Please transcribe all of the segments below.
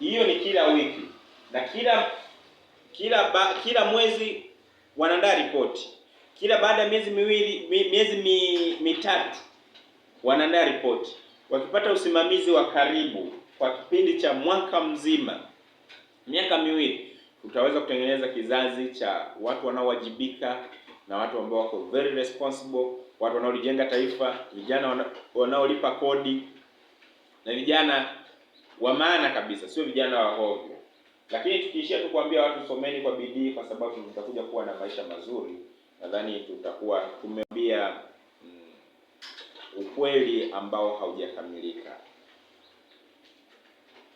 Hiyo ni kila wiki na kila kila ba, kila mwezi wanaandaa ripoti. Kila baada ya miezi miwili miezi mi, mitatu wanaandaa ripoti wakipata usimamizi wa karibu kwa kipindi cha mwaka mzima, miaka miwili, utaweza kutengeneza kizazi cha watu wanaowajibika na watu ambao wako very responsible, watu wanaolijenga taifa, vijana wanaolipa kodi na vijana wa maana kabisa, sio vijana wa hovyo. Lakini tukiishia tu kuambia watu someni kwa bidii, kwa sababu mtakuja kuwa na maisha mazuri, nadhani tutakuwa tumeambia mm, ukweli ambao haujakamilika.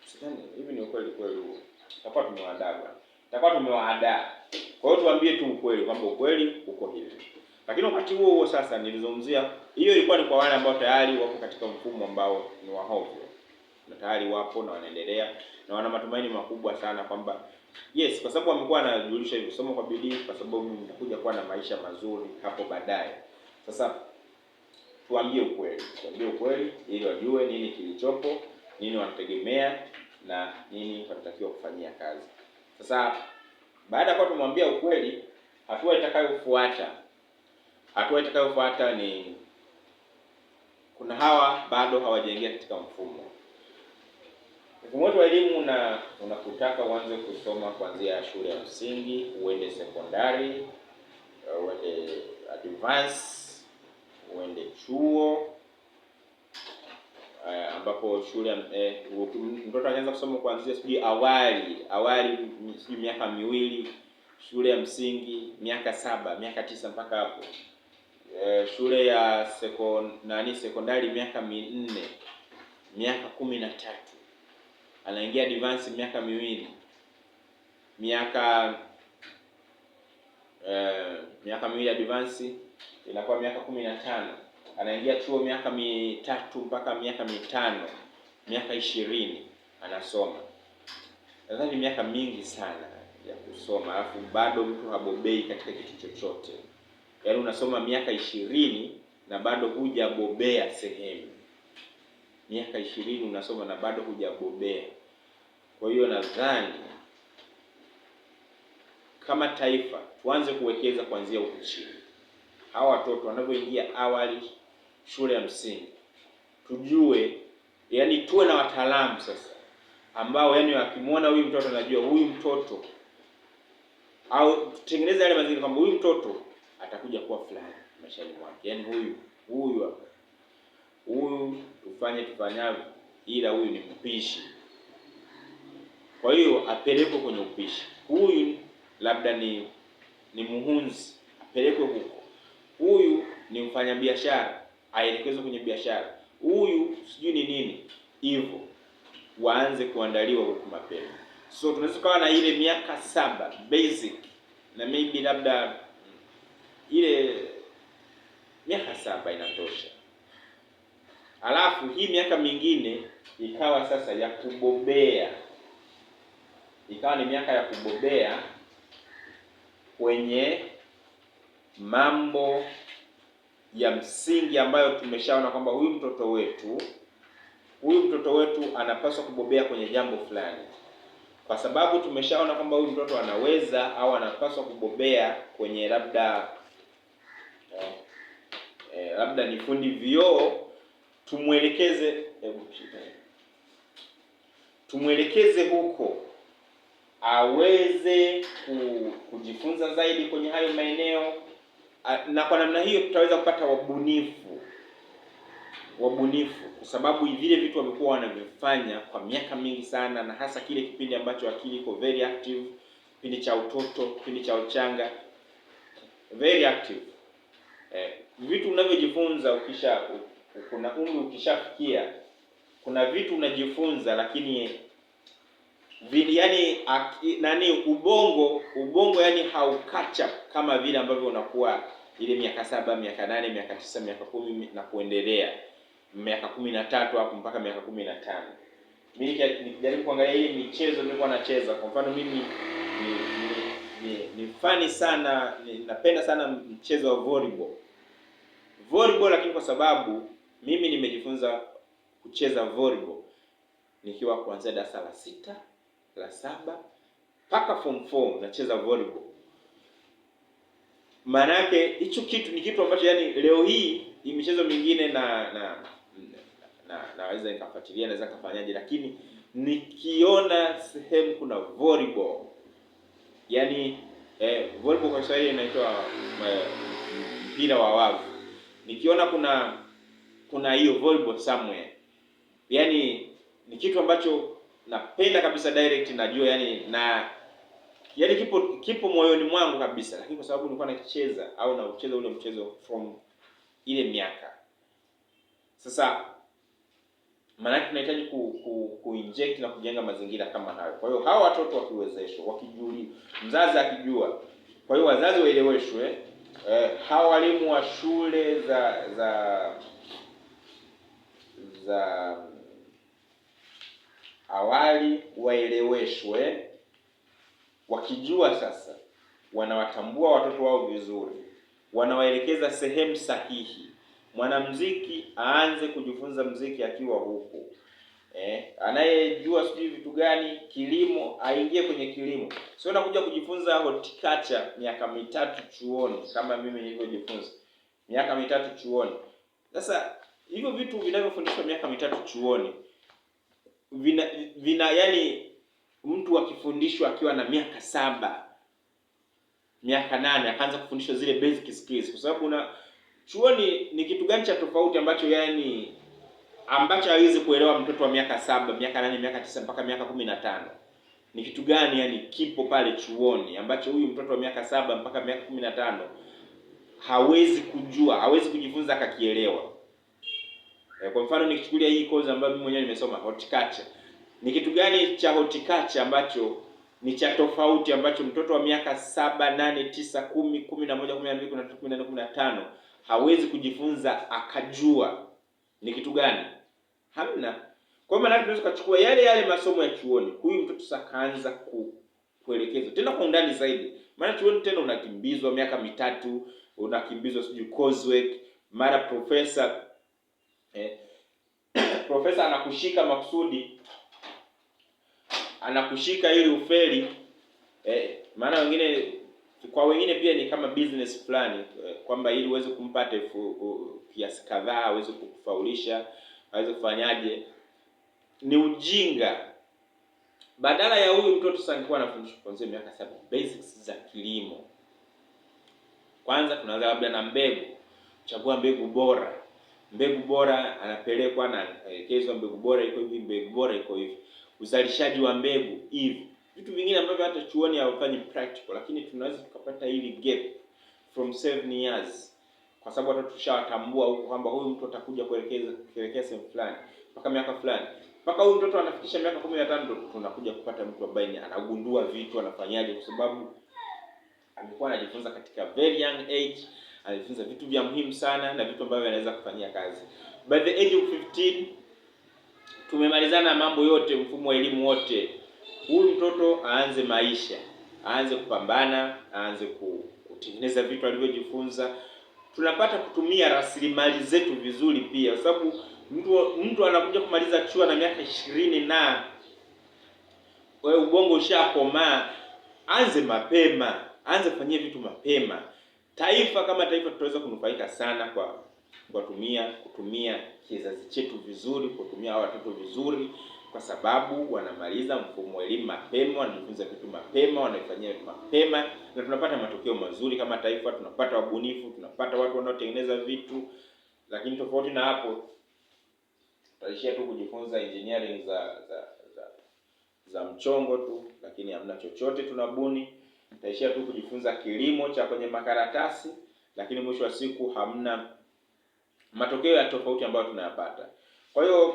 Sidhani hivi ni ukweli kweli huo, tutakuwa tumewaadaba, tutakuwa tumewaandaa. Kwa hiyo tuambie tu ukweli kwamba ukweli uko hivi. Lakini wakati huo huo sasa, nilizungumzia hiyo ilikuwa ni kwa wale ambao tayari wako katika mfumo ambao ni wa hovyo na tayari wapo na wanaendelea na wana matumaini makubwa sana kwamba yes, kwa sababu wamekuwa wanajulisha hivyo, somo kwa bidii, kwa sababu mtakuja kuwa na maisha mazuri hapo baadaye. Sasa tuambie ukweli, tuambie ukweli ili wajue nini kilichopo, nini wanategemea na nini wanatakiwa kufanyia kazi. Sasa baada ya kuwa tumwambia ukweli, hatua itakayofuata hatua itakayofuata ni kuna hawa bado hawajaingia katika mfumo Mfumo wa elimu una unakutaka uanze kusoma kuanzia ya shule ya msingi, uende sekondari, uh, uende advance, uende chuo Uh, ambapo shule eh, mtoto anaanza kusoma kuanzia sijui awali awali sijui miaka miwili shule ya msingi miaka saba miaka tisa mpaka hapo eh, shule ya sekon, nani sekondari miaka minne miaka kumi na tatu anaingia advance miaka miwili, miaka uh, miaka miwili advance inakuwa miaka kumi na tano. Anaingia chuo miaka mitatu mpaka miaka mitano, miaka ishirini anasoma. Nadhani miaka mingi sana ya kusoma, alafu bado mtu habobei katika kitu chochote. Yaani unasoma miaka ishirini na bado hujabobea sehemu. Miaka ishirini unasoma na bado hujabobea. Kwa hiyo nadhani kama taifa tuanze kuwekeza kuanzia huku chini, hawa watoto wanavyoingia awali shule ya msingi, tujue yani, tuwe na wataalamu sasa ambao yani wakimwona huyu mtoto anajua huyu mtoto au tutengeneze yale mazingira kwamba huyu mtoto atakuja kuwa fulani maishani mwake, yani huyu huyu hapa huyu tufanye tufanyavyo, ila huyu ni mpishi. Kwa hiyo apelekwe kwenye upishi. Huyu labda ni ni muhunzi, apelekwe huko. Huyu ni mfanyabiashara, aelekezwe kwenye biashara. Huyu sijui ni nini, hivyo waanze kuandaliwa huku mapema. So tunaweza kawa na ile miaka saba basic na maybe labda mm, ile miaka saba inatosha. Alafu hii miaka mingine ikawa sasa ya kubobea ikawa ni miaka ya kubobea kwenye mambo ya msingi ambayo tumeshaona kwamba huyu mtoto wetu huyu mtoto wetu anapaswa kubobea kwenye jambo fulani, kwa sababu tumeshaona kwamba huyu mtoto anaweza au anapaswa kubobea kwenye labda eh, eh, labda ni fundi vioo, tumwelekeze eh, tumwelekeze huko aweze kujifunza zaidi kwenye hayo maeneo, na kwa namna hiyo tutaweza kupata wabunifu wabunifu, kwa sababu vile vitu wamekuwa wanavifanya kwa miaka mingi sana, na hasa kile kipindi ambacho akili iko very active, kipindi cha utoto, kipindi cha uchanga, very active eh, vitu unavyojifunza ukisha kuna umri ukishafikia, kuna vitu unajifunza lakini vile yani nani ubongo ubongo yani haukacha kama vile ambavyo unakuwa ile miaka saba miaka nane miaka tisa miaka kumi na kuendelea miaka kumi na tatu hapo mpaka miaka kumi na tano mimi nikijaribu kuangalia ile michezo nilikuwa nacheza kwa mfano mimi ni, ni, ni, ni fani sana ni, napenda sana mchezo wa volleyball volleyball lakini kwa sababu mimi nimejifunza kucheza volleyball nikiwa kuanzia darasa la sita la saba mpaka form 4 nacheza volleyball. Maana yake hicho kitu ni kitu ambacho yani leo hii ni michezo mingine na na na naweza nikafuatilia, naweza kafanyaje, lakini nikiona sehemu kuna volleyball yani eh, volleyball kwa Kiswahili inaitwa eh, mpira wa wavu. Nikiona kuna kuna hiyo volleyball somewhere, yani ni kitu ambacho napenda kabisa direct, najua yani na yani kipo kipo moyoni mwangu kabisa, lakini kwa sababu nilikuwa nakicheza au naucheza ule mchezo from ile miaka sasa, maanake tunahitaji ku, ku, inject na kujenga mazingira kama hayo. Kwa hiyo hawa watoto wakiwezeshwa, wakijuli, mzazi akijua, kwa hiyo wazazi waeleweshwe eh, hawa walimu wa shule za za za awali waeleweshwe, wakijua sasa wanawatambua watoto wao vizuri, wanawaelekeza sehemu sahihi. Mwanamuziki aanze kujifunza muziki akiwa huko eh, anayejua sijui vitu gani, kilimo aingie kwenye kilimo, sio nakuja kujifunza horticulture miaka mitatu chuoni, kama mimi nilivyojifunza miaka mitatu chuoni. Sasa hivyo vitu vinavyofundishwa miaka mitatu chuoni vina, vina yani mtu akifundishwa akiwa na miaka saba miaka nane akaanza kufundishwa zile basic skills, kwa sababu una chuoni ni kitu gani cha tofauti ambacho yani ambacho hawezi kuelewa mtoto wa miaka saba, miaka nane, miaka tisa mpaka miaka kumi na tano ni kitu gani yani kipo pale chuoni ambacho huyu mtoto wa miaka saba mpaka miaka kumi na tano hawezi kujua, hawezi kujifunza akakielewa. Eh, kwa mfano nikichukulia hii course ambayo mimi mwenyewe nimesoma horticulture, ni kitu gani cha horticulture ambacho ni cha tofauti ambacho mtoto wa miaka saba, nane, tisa, kumi, kumi na moja, kumi na mbili, kumi na tatu, kumi na nne, kumi na tano hawezi kujifunza akajua ni kitu gani? Hamna. Kwa maana tunaweza kuchukua yale yale masomo ya chuoni, huyu mtoto sasa kaanza ku, kuelekezwa tena kwa undani zaidi, maana chuoni tena unakimbizwa miaka mitatu, unakimbizwa sijui coursework, mara profesa Eh, profesa anakushika makusudi, anakushika ili ufeli eh, maana wengine kwa wengine pia ni kama business fulani eh, kwamba ili uweze kumpata kiasi kadhaa aweze kukufaulisha aweze kufanyaje. Ni ujinga. Badala ya huyu mtoto sasa angekuwa anafundishwa kuanzia miaka saba basics za kilimo. Kwanza tunaanza labda na mbegu, chagua mbegu bora mbegu bora anapelekwa na anaelekezwa eh, mbegu bora iko hivi, mbegu bora iko hivi, uzalishaji wa mbegu hivi, vitu vingine ambavyo hata chuoni hawafanyi practical, lakini tunaweza tukapata hili gap from seven years, kwa sababu hata tushawatambua huko kwamba huyu mtu atakuja kuelekeza kuelekea sehemu fulani mpaka miaka fulani mpaka huyu mtoto anafikisha miaka kumi na tano ndo tunakuja kupata mtu ambaye anagundua vitu anafanyaje, kwa sababu amekuwa anajifunza katika very young age alifunza vitu vya muhimu sana na vitu ambavyo anaweza kufanyia kazi. By the age of 15 tumemalizana mambo yote, mfumo wa elimu wote. Huyu mtoto aanze maisha, aanze kupambana, aanze kutengeneza vitu alivyojifunza. Tunapata kutumia rasilimali zetu vizuri pia, kwa sababu mtu mtu anakuja kumaliza chuo na miaka ishirini na wewe ubongo ushakomaa. Anze mapema, anze kufanyia vitu mapema taifa kama taifa tutaweza kunufaika sana kwa kuwatumia kutumia kizazi chetu vizuri, kutumia hawa watoto vizuri, kwa sababu wanamaliza mfumo wa elimu mapema, wanajifunza vitu mapema, wanaifanyia vitu mapema, na tunapata matokeo mazuri kama taifa. Tunapata wabunifu, tunapata watu wanaotengeneza vitu, lakini tofauti na hapo tutaishia tu kujifunza engineering za za za, za mchongo tu, lakini hamna chochote tunabuni taishia tu kujifunza kilimo cha kwenye makaratasi, lakini mwisho wa siku hamna matokeo ya tofauti ambayo tunayapata. Kwa hiyo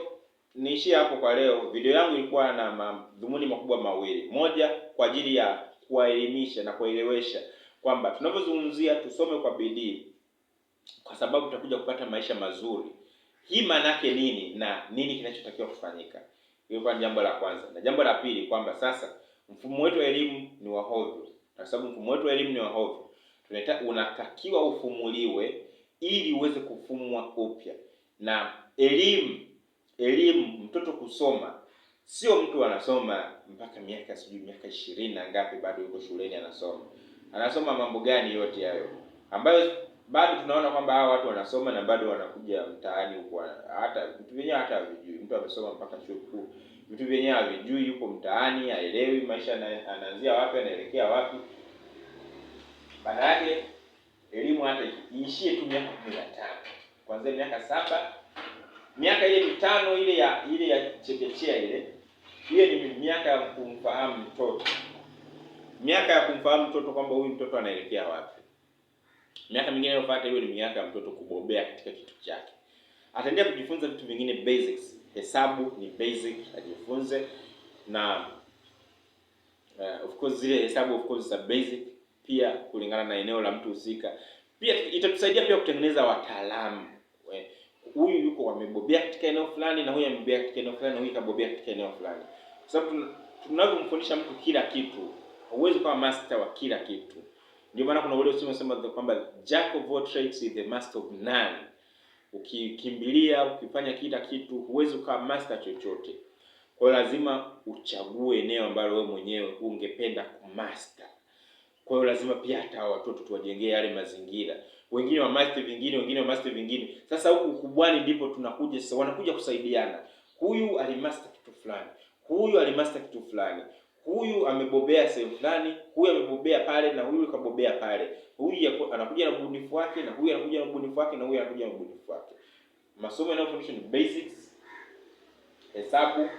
niishie hapo kwa leo. Video yangu ilikuwa na madhumuni makubwa mawili, moja kwa ajili ya kuwaelimisha na kuwaelewesha kwamba tunavyozungumzia tusome kwa bidii, kwa sababu tutakuja kupata maisha mazuri. Hii maana yake nini na nini kinachotakiwa kufanyika? Hilo ni jambo la kwanza, na jambo la pili kwamba sasa mfumo wetu wa elimu ni wa hovyo kwa sababu mfumo wetu wa elimu ni wa hovyo. Unatakiwa ufumuliwe ili uweze kufumwa upya na elimu. Elimu mtoto kusoma, sio mtu anasoma mpaka miaka sijui miaka ishirini na ngapi, bado yuko shuleni anasoma. Anasoma mambo gani yote hayo ambayo bado tunaona kwamba hawa watu wanasoma na bado wanakuja mtaani huko, hata vitu vyenyewe hata havijui. Mtu amesoma mpaka chuo kikuu vitu vyenye havijui, yuko mtaani, haelewi maisha anaanzia wapi, anaelekea wapi. Baada yake elimu hata iishie tu miaka kumi na tano kwanzia miaka saba miaka ile mitano ile ya ile ya chekechea ile hiyo ni miaka ya kumfahamu mtoto, miaka ya kumfahamu mtoto kwamba huyu mtoto anaelekea wapi. Miaka mingine inayofuata hiyo ni miaka ya mtoto kubobea katika kitu chake, ataendelea kujifunza vitu vingine basics hesabu ni basic ajifunze, na uh, of course zile hesabu of course za basic pia kulingana na eneo la mtu husika. Pia itatusaidia pia kutengeneza wataalamu. Eh, huyu yuko amebobea katika eneo fulani na huyu amebobea katika eneo fulani na huyu kabobea katika eneo fulani, kwa sababu tunavyomfundisha mtu kila kitu, huwezi kuwa master wa kila kitu. Ndio maana kuna ule usemi unasema kwamba jack of all trades is the master of none ukikimbilia, ukifanya kila kitu, huwezi ukawa master chochote. Kwa hiyo lazima uchague eneo ambalo wewe mwenyewe ungependa kumaster. Kwa hiyo lazima pia hata watoto tuwajengee yale mazingira, wengine wa master vingine, wengine wa master vingine. Sasa huku ukubwani ndipo tunakuja sasa, wanakuja kusaidiana, huyu alimaster kitu fulani, huyu alimaster kitu fulani huyu amebobea sehemu fulani, huyu amebobea pale, na huyu kabobea pale. Huyu anakuja na ubunifu wake, na huyu anakuja na ubunifu wake, na huyu anakuja na ubunifu wake. Masomo yanayofundishwa ni basics, hesabu